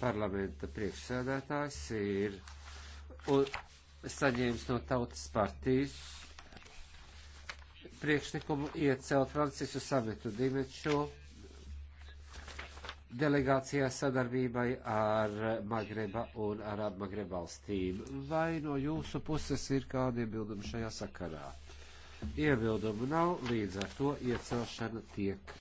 parlamenta priekšsēdētājs ir saņēmis no tautas partijas priekšlikumu iecelt Francisu Sametu Dimeču delegācijā sadarbībai ar Magreba un Arab Magreba valstīm. Vai no jūsu puses ir kādi iebildumi šajā sakarā? Iebildumu nav, līdz ar to iecelšana tiek.